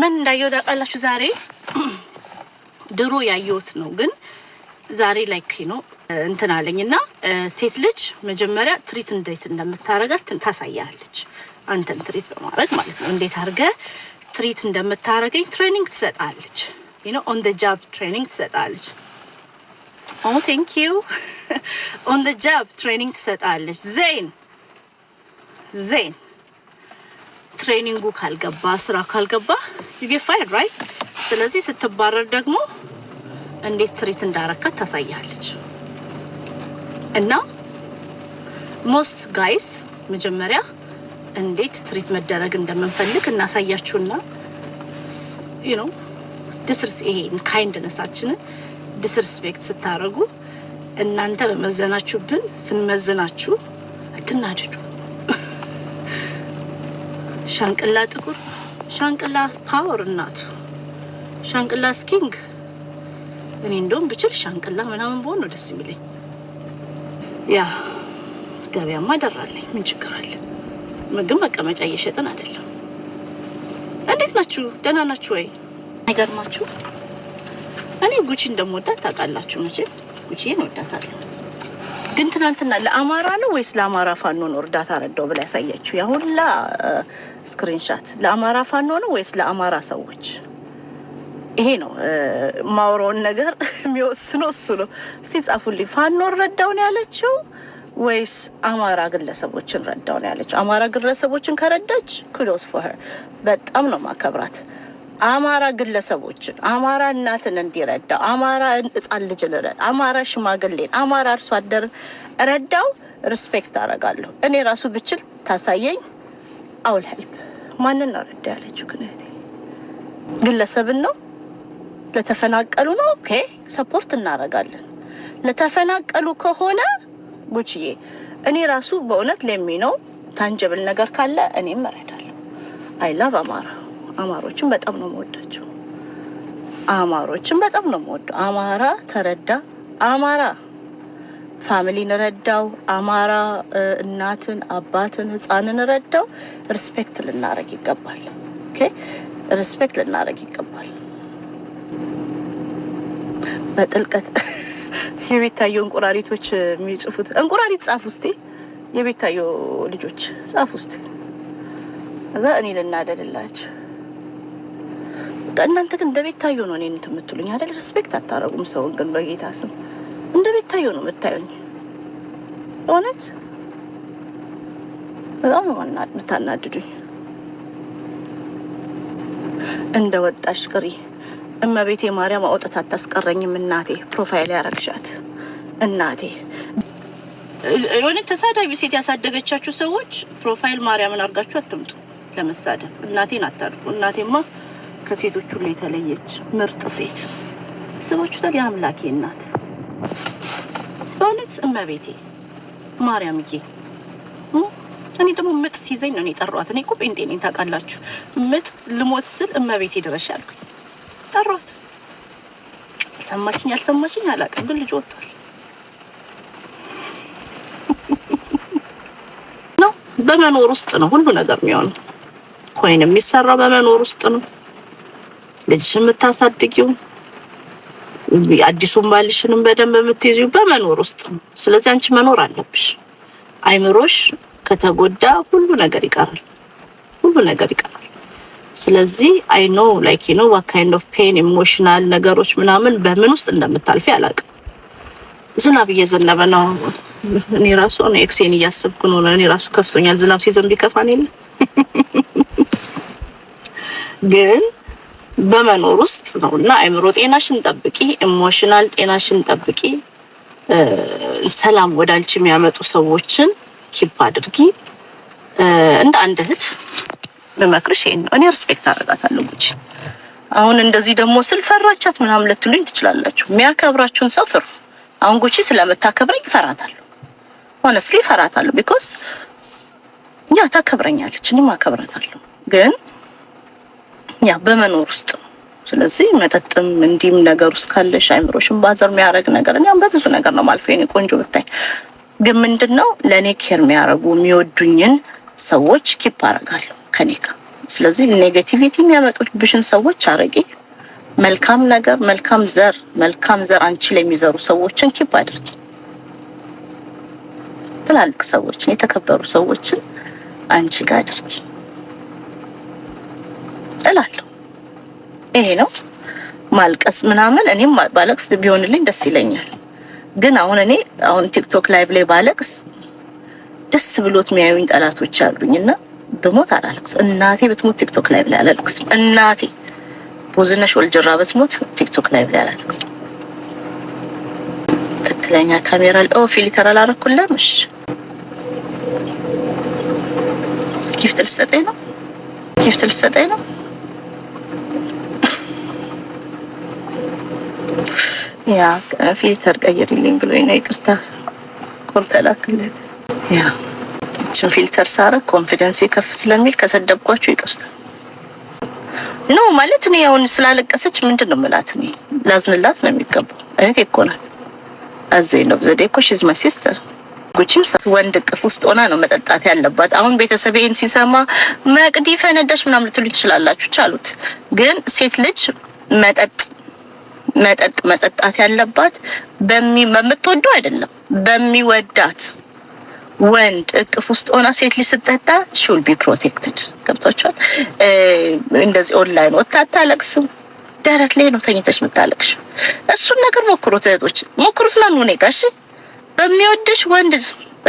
ምን እንዳየው ታውቃላችሁ? ዛሬ ድሮ ያየሁት ነው፣ ግን ዛሬ ላይክ ነው እንትን አለኝ እና ሴት ልጅ መጀመሪያ ትሪት እንዴት እንደምታረጋት ታሳያለች። አንተን ትሪት በማድረግ ማለት ነው። እንዴት አድርገ ትሪት እንደምታረገኝ ትሬኒንግ ትሰጣለች። ዩኖ ኦን ደ ጃብ ትሬኒንግ ትሰጣለች። ኦ ቴንክ ዩ ኦን ደ ጃብ ትሬኒንግ ትሰጣለች። ዜን ዜን ትሬኒንጉ ካልገባ ስራ ካልገባ ዩጌፋይ ራይ። ስለዚህ ስትባረር ደግሞ እንዴት ትሪት እንዳረካት ታሳያለች። እና ሞስት ጋይስ መጀመሪያ እንዴት ትሪት መደረግ እንደምንፈልግ እናሳያችሁና ነው ዲስርስ ይሄን ካይንድነሳችንን ዲስርስፔክት ስታደርጉ እናንተ በመዘናችሁብን ስንመዝናችሁ አትናደዱ። ሻንቅላ ጥቁር፣ ሻንቅላ ፓወር እናቱ ሻንቅላ ስኪንግ። እኔ እንደውም ብችል ሻንቅላ ምናምን በሆን ነው ደስ የሚለኝ። ያ ገበያማ ደራለኝ፣ ምን ችግር አለ? ምግብ መቀመጫ እየሸጥን አይደለም። እንዴት ናችሁ? ደህና ናችሁ ወይ? አይገርማችሁ እኔ ጉቺ እንደምወዳት ታውቃላችሁ መቼም። ጉቺን ወዳታለሁ። ግን ትናንትና ለአማራ ነው ወይስ ለአማራ ፋኖ ነው እርዳታ ረዳው ብላ ያሳያችሁ? ያ ሁላ ስክሪንሻት ለአማራ ፋኖ ነው ወይስ ለአማራ ሰዎች? ይሄ ነው ማውረውን ነገር የሚወስነው እሱ ነው። እስቲ ጻፉልኝ። ፋኖ ረዳውን ያለችው ወይስ አማራ ግለሰቦችን ረዳውን ያለችው? አማራ ግለሰቦችን ከረዳች ክሎስ ፎር በጣም ነው ማከብራት። አማራ ግለሰቦችን አማራ እናትን እንዲረዳ አማራ ሕፃን ልጅ አማራ ሽማግሌን አማራ አርሶ አደርን ረዳው። ሪስፔክት አደርጋለሁ። እኔ ራሱ ብችል ታሳየኝ አውል ሄልፕ ማንን ነው ረዳ ያለችው? ግን እህቴ ግለሰብን ነው ለተፈናቀሉ ነው። ኦኬ ሰፖርት እናደርጋለን። ለተፈናቀሉ ከሆነ ጉችዬ እኔ ራሱ በእውነት ለሚ ነው ታንጀብል ነገር ካለ እኔም እረዳለሁ። አይላቭ አማራ አማሮችን በጣም ነው መወዳቸው። አማሮችን በጣም ነው መወደው። አማራ ተረዳ፣ አማራ ፋሚሊን ረዳው፣ አማራ እናትን፣ አባትን፣ ህፃንን ረዳው። ሪስፔክት ልናረግ ይገባል። ኦኬ ሪስፔክት ልናረግ ይገባል። በጥልቀት የቤታየው እንቁራሪቶች የሚጽፉት እንቁራሪት ጻፍ ውስጤ የቤታየው ልጆች ጻፍ ውስጥ እዛ እኔ ልናደድላችሁ እናንተ ግን እንደ ቤት ቤታዮ ነው እኔን እንትን የምትሉኝ አይደል? ሪስፔክት አታረጉም ሰውን። ግን በጌታ ስም እንደ ቤት ቤታዮ ነው የምታዩኝ። እውነት በጣም ነው የምታናድዱኝ። እንደ ወጣሽ ቅሪ እመቤቴ ማርያም አውጥታ አታስቀረኝም። እናቴ ፕሮፋይል ያረግሻት እናቴ የሆነ ተሳዳቢ ሴት ያሳደገቻችሁ ሰዎች ፕሮፋይል ማርያምን አድርጋችሁ አትምጡ ለመሳደብ። እናቴን አታድርጉ። እናቴማ ከሴቶች ሁሉ የተለየች ምርጥ ሴት ስባችሁታል። የአምላኬ እናት በእውነት እመቤቴ ጌ እኔ ደግሞ ምጥ ሲዘኝ ነው የጠሯት። እኔ እኮ ጴንጤ ነኝ ታውቃላችሁ። ምጥ ልሞት ስል እመቤቴ ድረሽ አልኩኝ፣ ጠሯት። ሰማችኝ አልሰማችኝ አላውቅም፣ ግን ልጅ ወጥቷል ነው። በመኖር ውስጥ ነው ሁሉ ነገር የሚሆነው። ኮይን የሚሰራው በመኖር ውስጥ ነው። ልጅሽ የምታሳድጊው አዲሱን ባልሽንም በደንብ የምትይዙ በመኖር ውስጥ ነው። ስለዚህ አንቺ መኖር አለብሽ። አይምሮሽ ከተጎዳ ሁሉ ነገር ይቀራል፣ ሁሉ ነገር ይቀራል። ስለዚህ አይ ኖ ላይክ ኖ ዋት ካይንድ ኦፍ ፔን ኢሞሽናል ነገሮች ምናምን በምን ውስጥ እንደምታልፊ አላውቅም። ዝናብ እየዘነበ ነው። እኔ ራሱ ኤክሴን እያሰብኩ ነው። እኔ ራሱ ከፍቶኛል። ዝናብ ሲዘንብ ይከፋን የለ ግን በመኖር ውስጥ ነው እና አይምሮ ጤናሽን ጠብቂ፣ ኢሞሽናል ጤናሽን ጠብቂ። ሰላም ወደ አንቺ የሚያመጡ ሰዎችን ኪፕ አድርጊ። እንደ አንድ እህት በመክርሽ ይሄን ነው። እኔ ሪስፔክት አደርጋታለሁ ጉቺ። አሁን እንደዚህ ደግሞ ስል ፈራቻት ምናምን ልትሉኝ ትችላላችሁ። የሚያከብራችሁን ሰው ፍሩ። አሁን ጉቺ ስለምታከብረኝ ፈራታለሁ። ሆነስሊ ፈራታለሁ። ቢኮዝ ያ ታከብረኛለች፣ እኔም አከብራታለሁ ግን ያ በመኖር ውስጥ ነው። ስለዚህ መጠጥም እንዲህም ነገር ውስጥ ካለሽ አይምሮሽን ባዘር የሚያደርግ ነገር እኔም በብዙ ነገር ነው ማልፈው። የኔ ቆንጆ ብታይ ግን ምንድን ነው ለእኔ ኬር የሚያደርጉ የሚወዱኝን ሰዎች ኪፕ አደርጋለሁ ከኔ ጋር። ስለዚህ ኔጌቲቪቲ የሚያመጡብሽን ሰዎች አረጊ። መልካም ነገር፣ መልካም ዘር፣ መልካም ዘር አንቺ ላይ የሚዘሩ ሰዎችን ኪፕ አድርጊ። ትላልቅ ሰዎችን የተከበሩ ሰዎችን አንቺ ጋር አድርጊ። መቀጠል አለው። ይሄ ነው ማልቀስ ምናምን። እኔም ባለቅስ ቢሆንልኝ ደስ ይለኛል። ግን አሁን እኔ አሁን ቲክቶክ ላይቭ ላይ ባለቅስ ደስ ብሎት የሚያዩኝ ጠላቶች አሉኝ እና ብሞት አላለቅስ። እናቴ ብትሞት ቲክቶክ ላይቭ ላይ አላለቅስ። እናቴ ቦዝነሽ ወልጅራ ብትሞት ቲክቶክ ላይቭ ላይ አላለቅስ። ትክክለኛ ካሜራ ኦ ፊልተር አላረኩለምሽ። ጊፍት ልሰጠኝ ነው። ጊፍት ልሰጠኝ ነው። ያ ፊልተር ቀይርልኝ ብሎ ነው። ይቅርታ ቆርጠ ላክለት። ያ እችን ፊልተር ሳረ ኮንፊደንስ ከፍ ስለሚል ከሰደብኳችሁ ይቅርታ። ኖ ማለት እኔ አሁን ስላለቀሰች ምንድን ነው ምላት? እኔ ላዝንላት ነው የሚገባው። እህቴ እኮ ናት። አዜ ነው ዘዴ እኮ ሺዝ ማይ ሲስተር ጉቺም ወንድ ቅፍ ውስጥ ሆና ነው መጠጣት ያለባት። አሁን ቤተሰቤን ሲሰማ መቅዲ ፈነዳሽ ምናምን ልትሉ ትችላላችሁ፣ ቻሉት። ግን ሴት ልጅ መጠጥ መጠጥ መጠጣት ያለባት በምትወደው አይደለም፣ በሚወዳት ወንድ እቅፍ ውስጥ ሆና ሴት ልጅ ስትጠጣ ሹል ቢ ፕሮቴክትድ። ገብቷቸዋል። እንደዚህ ኦንላይን ወጥታ አታለቅስም። ደረት ላይ ነው ተኝተሽ የምታለቅሽ። እሱን ነገር ሞክሩት እህቶች፣ ሞክሩት። ላኑ ኔጋ በሚወድሽ ወንድ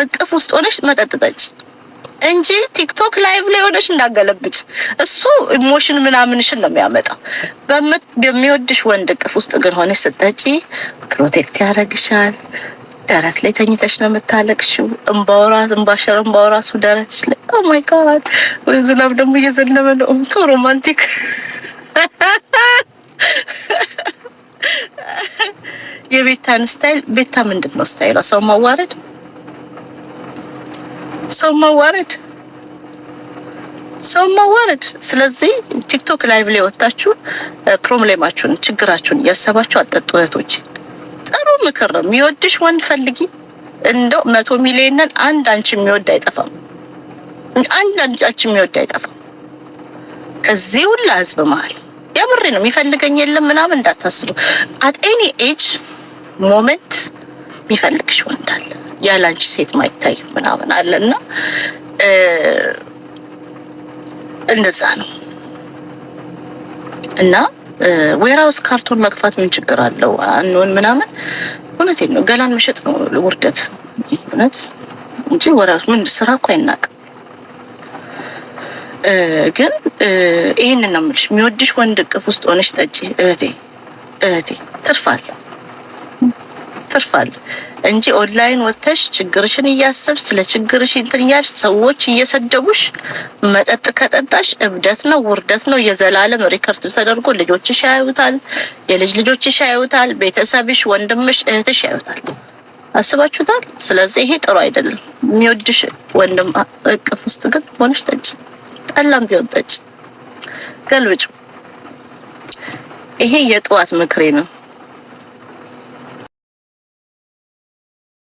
እቅፍ ውስጥ ሆነሽ መጠጥ ጠጪ። እንጂ ቲክቶክ ላይቭ ላይ ሆነሽ እንዳገለብጭ እሱ ኢሞሽን ምናምንሽን ነው የሚያመጣው። በሚወድሽ ወንድ ቅፍ ውስጥ ግን ሆነሽ ስጠጪ ፕሮቴክት ያደርግሻል። ደረት ላይ ተኝተሽ ነው የምታለቅሽው። እንባውራት እንባሸር እንባውራሱ ደረትሽ ላይ ኦ ማይ ጋድ ወይ ዝናብ ደግሞ እየዘነበ ነው። ቶ ሮማንቲክ የቤታን ስታይል ቤታ ምንድን ነው ስታይሏ? ሰው ማዋረድ ሰው ማዋረድ ሰው ማዋረድ። ስለዚህ ቲክቶክ ላይቭ ላይ ወጣችሁ ፕሮብሌማችሁን፣ ችግራችሁን እያሰባችሁ አጠጡ እህቶች። ጥሩ ምክር ነው። የሚወድሽ ወንድ ፈልጊ። እንደው መቶ ሚሊዮንን አንድ አንቺ የሚወድ አይጠፋም። አንድ አንቺ የሚወድ አይጠፋም። ከዚህ ሁላ ህዝብ መሀል የምሬ ነው የሚፈልገኝ የለም ምናምን እንዳታስቡ። አጤኒ ኤጅ ሞመንት የሚፈልግሽ ወንድ አለ። ያላንቺ ሴት ማይታይ ምናምን አለ እና እንደዛ ነው እና ዌራውስ ካርቶን መግፋት ምን ችግር አለው? አንሆን ምናምን እውነት ነው። ገላን መሸጥ ነው ውርደት እውነት እንጂ ወራ ምን ስራ እኮ አይናቅም። ግን ይሄንን ነው የምልሽ። የሚወድሽ ወንድ እቅፍ ውስጥ ሆነሽ ጠጪ እህቴ፣ እህቴ ትርፋለሁ ትርፋል እንጂ ኦንላይን ወጥተሽ ችግርሽን እያሰብ ስለ ችግርሽ እንትን እያልሽ ሰዎች እየሰደቡሽ መጠጥ ከጠጣሽ እብደት ነው፣ ውርደት ነው። የዘላለም ሪከርድ ተደርጎ ልጆችሽ ያዩታል፣ የልጅ ልጆችሽ ያዩታል፣ ቤተሰብሽ፣ ወንድምሽ፣ እህትሽ ያዩታል። አስባችሁታል? ስለዚህ ይሄ ጥሩ አይደለም። የሚወድሽ ወንድም እቅፍ ውስጥ ግን ሆነሽ ጠጭ፣ ጠላም ቢሆን ጠጭ፣ ገልብጩ። ይሄ የጠዋት ምክሬ ነው።